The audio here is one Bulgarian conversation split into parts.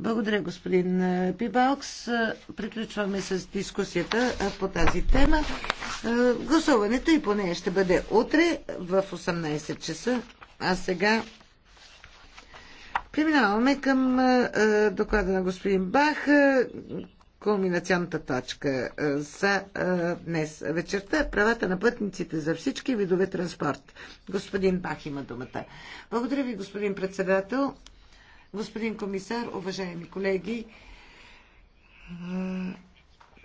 Благодаря, господин е, Пибалкс. Е, приключваме с дискусията е, по тази тема. Гласуването и по нея ще бъде утре в 18 часа. А сега преминаваме към доклада на господин Бах, кулминационната точка за днес вечерта правата на пътниците за всички видове транспорт. Господин Бах има думата. Благодаря ви, господин председател. Господин комисар, уважаеми колеги,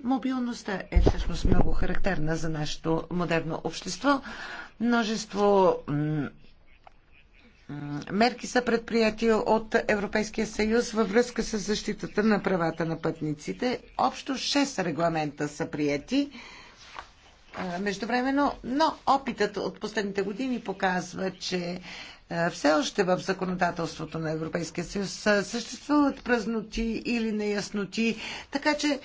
мобилността е всъщност много характерна за нашето модерно общество. Множество мерки са предприяти от Европейския съюз във връзка с защитата на правата на пътниците. Общо 6 регламента са прияти. Междувременно, но опитът от последните години показва, че е, все още в законодателството на Европейския съюз е, съществуват празноти или неясноти, така че е,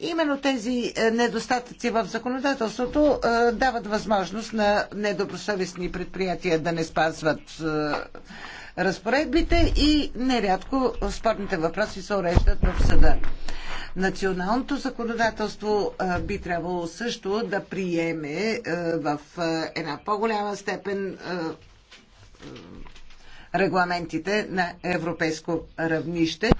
именно тези недостатъци в законодателството дават възможност на недобросъвестни предприятия да не спазват разпоредбите и нерядко спорните въпроси се уреждат в съда. Националното законодателство би трябвало също да приеме в една по-голяма степен регламентите на европейско равнище.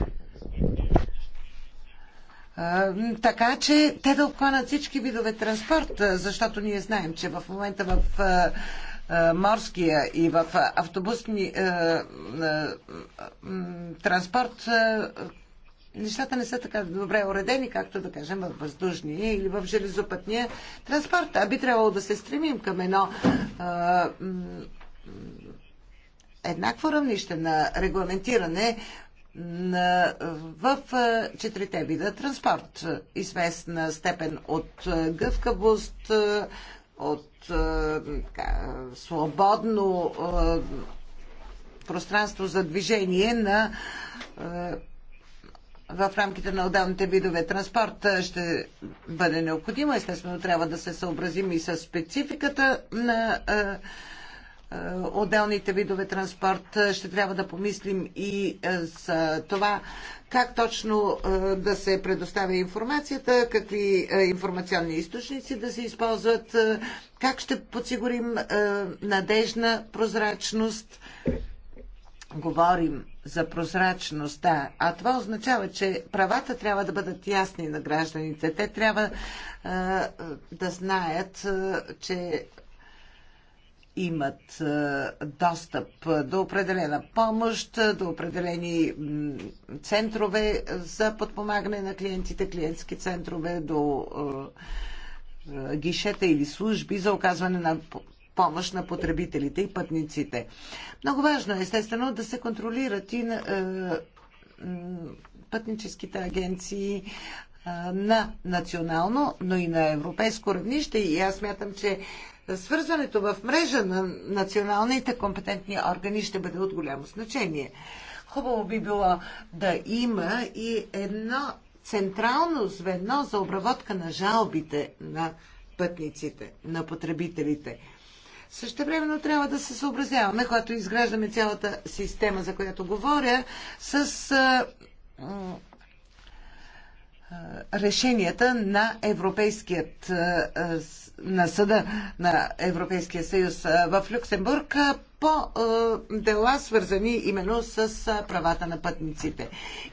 Така че те да обхванат всички видове транспорт, защото ние знаем, че в момента в е, морския и в автобусни е, е, транспорт нещата не са така добре уредени, както да кажем в въздушния или в железопътния транспорт. А би трябвало да се стремим към едно еднакво равнище на регламентиране на, в четирите вида транспорт. Известна степен от гъвкавост, от е, така, свободно е, пространство за движение на е, в рамките на отделните видове транспорт ще бъде необходимо. Естествено, трябва да се съобразим и с спецификата на е, отделните видове транспорт. Е, ще трябва да помислим и е, за това как точно да се предоставя информацията, какви информационни източници да се използват, как ще подсигурим надежна прозрачност. Говорим за прозрачност, да. А това означава, че правата трябва да бъдат ясни на гражданите. Те трябва да знаят, че имат достъп до определена помощ, до определени центрове за подпомагане на клиентите, клиентски центрове, до гишета или служби за оказване на помощ на потребителите и пътниците. Много важно е, естествено, да се контролират и на, пътническите агенции на национално, но и на европейско равнище. И аз смятам, че свързването в мрежа на националните компетентни органи ще бъде от голямо значение. Хубаво би било да има и едно централно звено за обработка на жалбите на пътниците, на потребителите. времено трябва да се съобразяваме, когато изграждаме цялата система, за която говоря, с а, а, решенията на Европейският а, на съда на Европейския съюз в Люксембург по дела, свързани именно с правата на пътниците.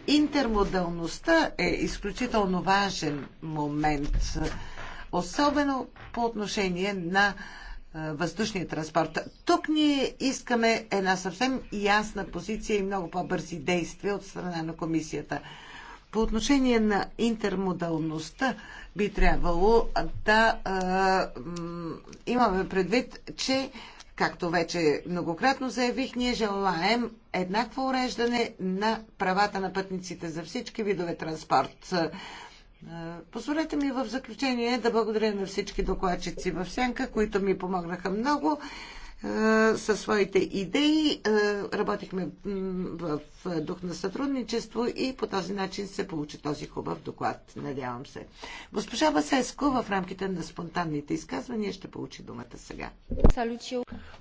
Интермодалността е изключително важен момент, особено по отношение на въздушния транспорт. Тук ние искаме една съвсем ясна позиция и много по-бързи действия от страна на комисията. По отношение на интермодалността би трябвало да е, имаме предвид, че Както вече многократно заявих, ние желаем еднакво уреждане на правата на пътниците за всички видове транспорт. Позволете ми в заключение да благодаря на всички докладчици в Сянка, които ми помогнаха много със своите идеи. Работихме в дух на сътрудничество и по този начин се получи този хубав доклад, надявам се. Госпожа Васеско в рамките на спонтанните изказвания ще получи думата сега.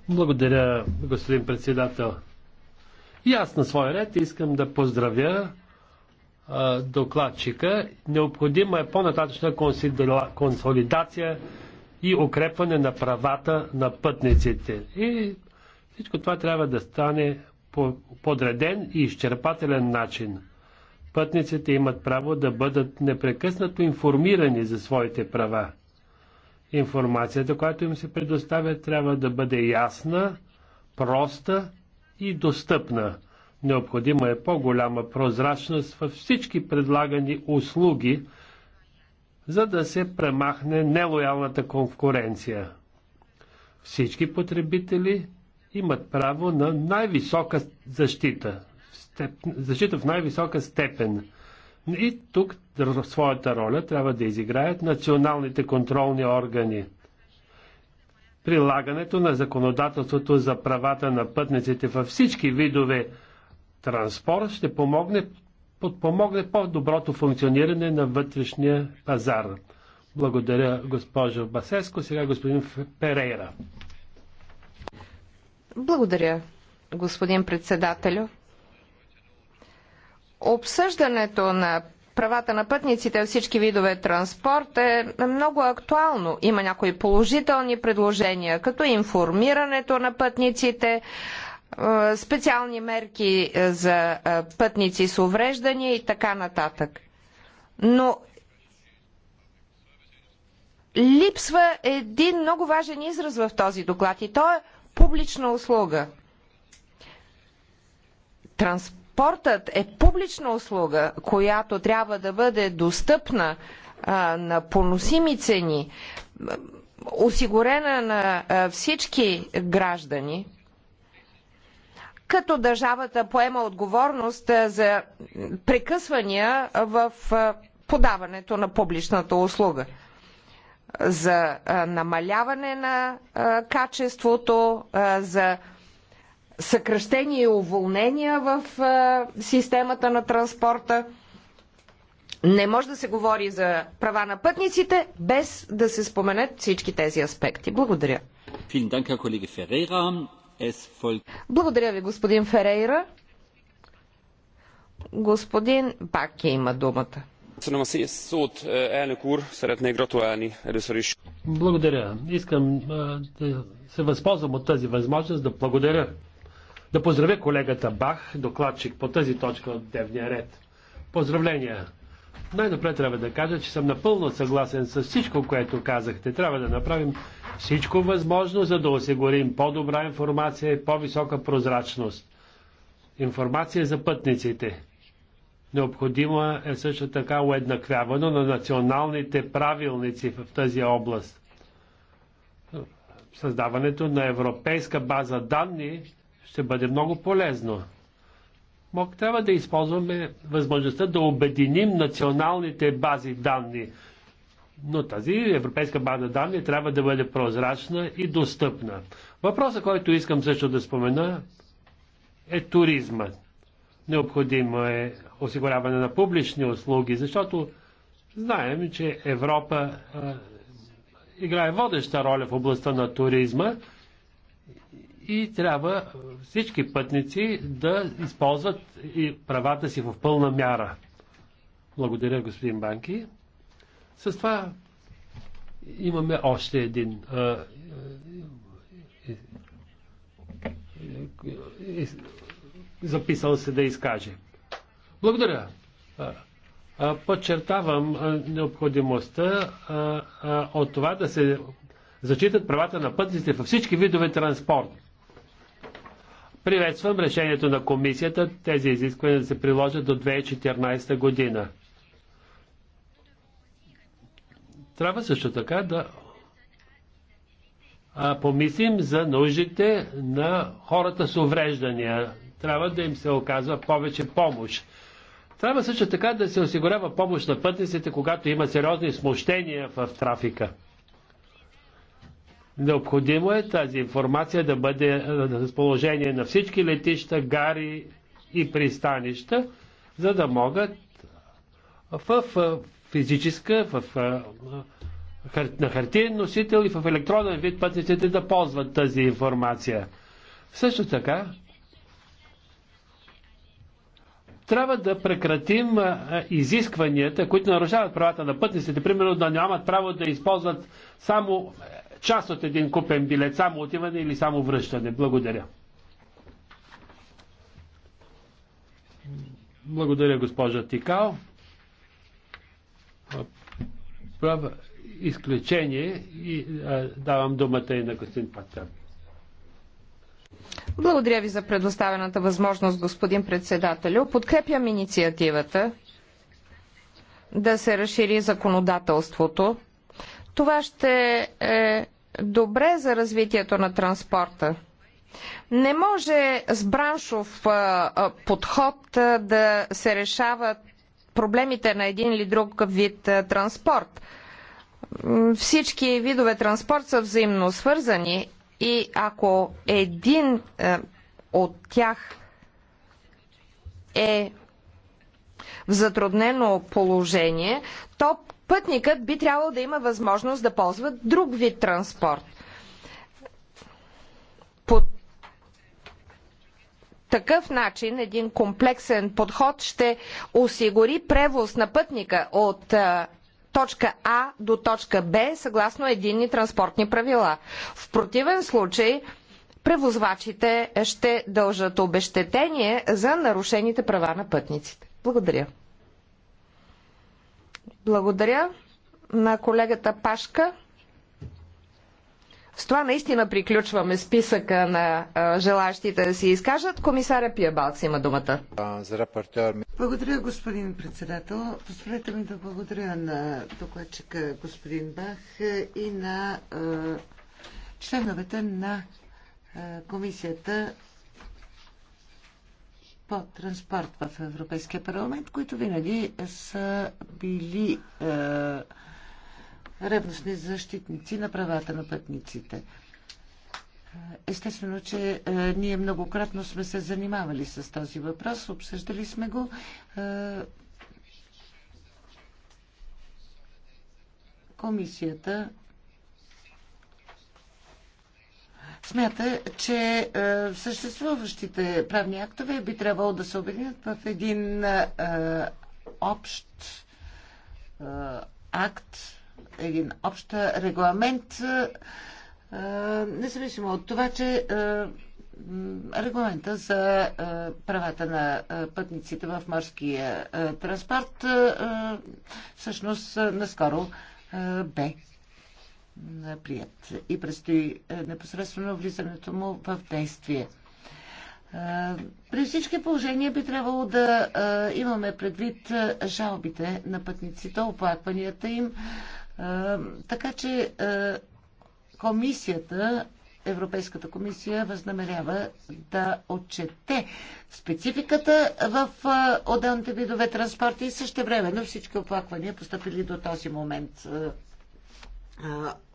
Благодаря, господин председател. И аз на своя ред искам да поздравя докладчика. Необходима е по-нататъчна консолидация и укрепване на правата на пътниците. И всичко това трябва да стане по подреден и изчерпателен начин. Пътниците имат право да бъдат непрекъснато информирани за своите права. Информацията, която им се предоставя, трябва да бъде ясна, проста и достъпна. Необходима е по-голяма прозрачност във всички предлагани услуги, за да се премахне нелоялната конкуренция. Всички потребители имат право на най-висока защита, защита в най-висока степен. И тук своята роля трябва да изиграят националните контролни органи. Прилагането на законодателството за правата на пътниците във всички видове транспорт ще помогне подпомогне по-доброто функциониране на вътрешния пазар. Благодаря, госпожо Басеско. Сега господин Перейра. Благодаря, господин председателю. Обсъждането на правата на пътниците във всички видове транспорт е много актуално. Има някои положителни предложения, като информирането на пътниците, специални мерки за пътници с увреждания и така нататък. Но липсва един много важен израз в този доклад и то е публична услуга. Транспортът е публична услуга, която трябва да бъде достъпна а, на поносими цени, осигурена на а, всички граждани като държавата поема отговорност е, за прекъсвания в е, подаването на публичната услуга за е, намаляване на качеството, за съкръщение и уволнения в системата на транспорта. Не може да се говори за права на пътниците без да се споменат всички тези аспекти. Благодаря. Благодаря ви, господин Ферейра. Господин Баки има думата. Благодаря. Искам да се възползвам от тази възможност да благодаря. Да поздравя колегата Бах, докладчик по тази точка от дневния ред. Поздравления! Най-напред трябва да кажа, че съм напълно съгласен с всичко, което казахте. Трябва да направим всичко възможно, за да осигурим по-добра информация и по-висока прозрачност. Информация за пътниците. Необходимо е също така уеднаквяване на националните правилници в тази област. Създаването на европейска база данни ще бъде много полезно мог, трябва да използваме възможността да обединим националните бази данни. Но тази европейска база данни трябва да бъде прозрачна и достъпна. Въпросът, който искам също да спомена, е туризма. Необходимо е осигуряване на публични услуги, защото знаем, че Европа а, играе водеща роля в областта на туризма и трябва всички пътници да използват и правата си в пълна мяра. Благодаря, господин Банки. С това имаме още един а, и, и, и, записал се да изкаже. Благодаря. Подчертавам необходимостта от това да се зачитат правата на пътниците във всички видове транспорт. Приветствам решението на комисията тези изисквания да се приложат до 2014 година. Трябва също така да а, помислим за нуждите на хората с увреждания. Трябва да им се оказва повече помощ. Трябва също така да се осигурява помощ на пътниците, когато има сериозни смущения в трафика. Необходимо е тази информация да бъде е, на разположение на всички летища, гари и пристанища, за да могат в е, физическа, в, е, на хартиен носител и в електронен вид пътниците да ползват тази информация. Също така, трябва да прекратим изискванията, които нарушават правата на пътниците, примерно да нямат право да използват само част от един купен билет, само отиване или само връщане. Благодаря. Благодаря, госпожа Тикал. Права изключение и а, давам думата и на господин Патян. Благодаря ви за предоставената възможност, господин председателю. Подкрепям инициативата да се разшири законодателството това ще е добре за развитието на транспорта. Не може с браншов подход да се решават проблемите на един или друг вид транспорт. Всички видове транспорт са взаимно свързани и ако един от тях е в затруднено положение, то пътникът би трябвало да има възможност да ползва друг вид транспорт. По такъв начин един комплексен подход ще осигури превоз на пътника от точка А до точка Б съгласно единни транспортни правила. В противен случай превозвачите ще дължат обещетение за нарушените права на пътниците. Благодаря. Благодаря на колегата Пашка. С това наистина приключваме списъка на желащите да си изкажат. Комисаря Балкс има думата. Благодаря, господин председател. Позволете ми да благодаря на докладчика господин Бах и на членовете на комисията по транспорт в Европейския парламент, които винаги са били е, ревностни защитници на правата на пътниците. Естествено, че е, ние многократно сме се занимавали с този въпрос, обсъждали сме го. Е, комисията смята, че е, съществуващите правни актове би трябвало да се обединят в един е, общ е, акт, един общ регламент, независимо от това, че регламента за правата на пътниците в морския транспорт всъщност наскоро бе прият и предстои е, непосредствено влизането му в действие. Е, при всички положения би трябвало да е, имаме предвид жалбите на пътниците, оплакванията им, така че комисията, Европейската комисия възнамерява да отчете спецификата в отделните видове транспорти и също време на всички оплаквания, поступили до този момент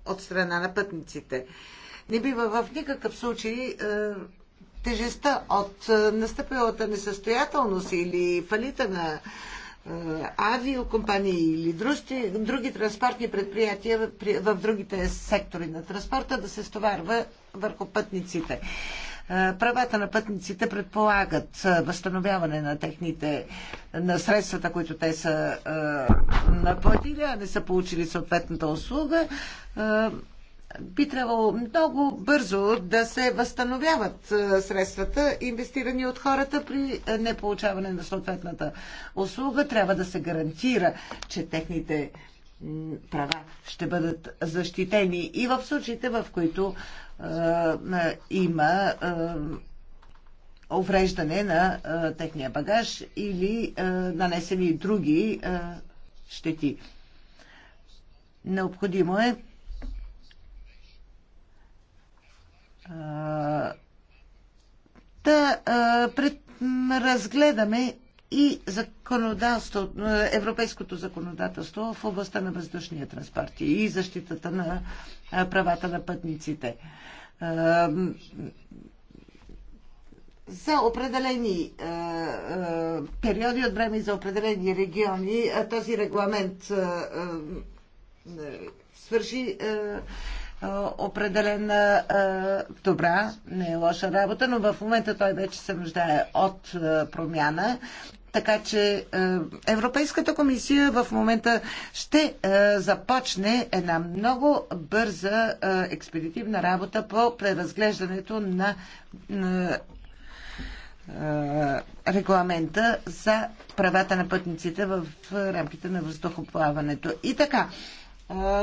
от страна на пътниците. Не бива в никакъв случай тежеста от настъпилата несъстоятелност или фалита на авиокомпании или други транспортни предприятия в другите сектори на транспорта да се стоварва върху пътниците. Е, правата на пътниците предполагат е, възстановяване на техните на средствата, които те са е, наплатили, а не са получили съответната услуга би трябвало много бързо да се възстановяват средствата, инвестирани от хората при неполучаване на съответната услуга. Трябва да се гарантира, че техните права ще бъдат защитени и в случаите, в които е, има е, увреждане на е, техния багаж или е, нанесени други е, щети. Необходимо е да пред, разгледаме и законодателство, европейското законодателство в областта на въздушния транспорт и защитата на правата на пътниците. За определени периоди от време и за определени региони този регламент свърши определена добра, не е лоша работа, но в момента той вече се нуждае от промяна. Така че Европейската комисия в момента ще започне една много бърза експедитивна работа по преразглеждането на регламента за правата на пътниците в рамките на въздухоплаването. И така,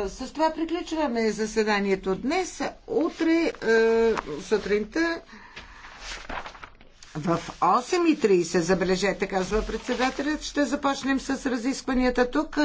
с това приключваме заседанието днес. Утре сутринта в 8.30, забележете, казва председателят, ще започнем с разискванията тук.